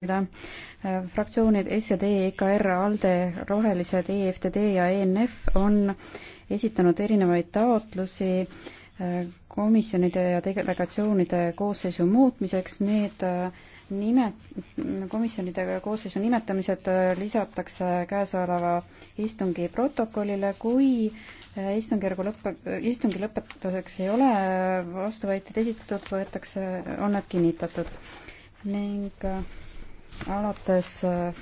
Äh, fraktsioonid SED, EKR, ALDE, Rohelised, EFTD ja ENF on esitanud erinevaid taotlusi äh, komisjonide ja delegatsioonide koosseisu muutmiseks, need äh, nimet-, komisjonide koosseisu nimetamised lisatakse käesoleva istungi protokollile, kui istungjärgu lõppe, istungi lõpetuseks ei ole vastuväiteid esitatud, võetakse, on need kinnitatud ning alates äh,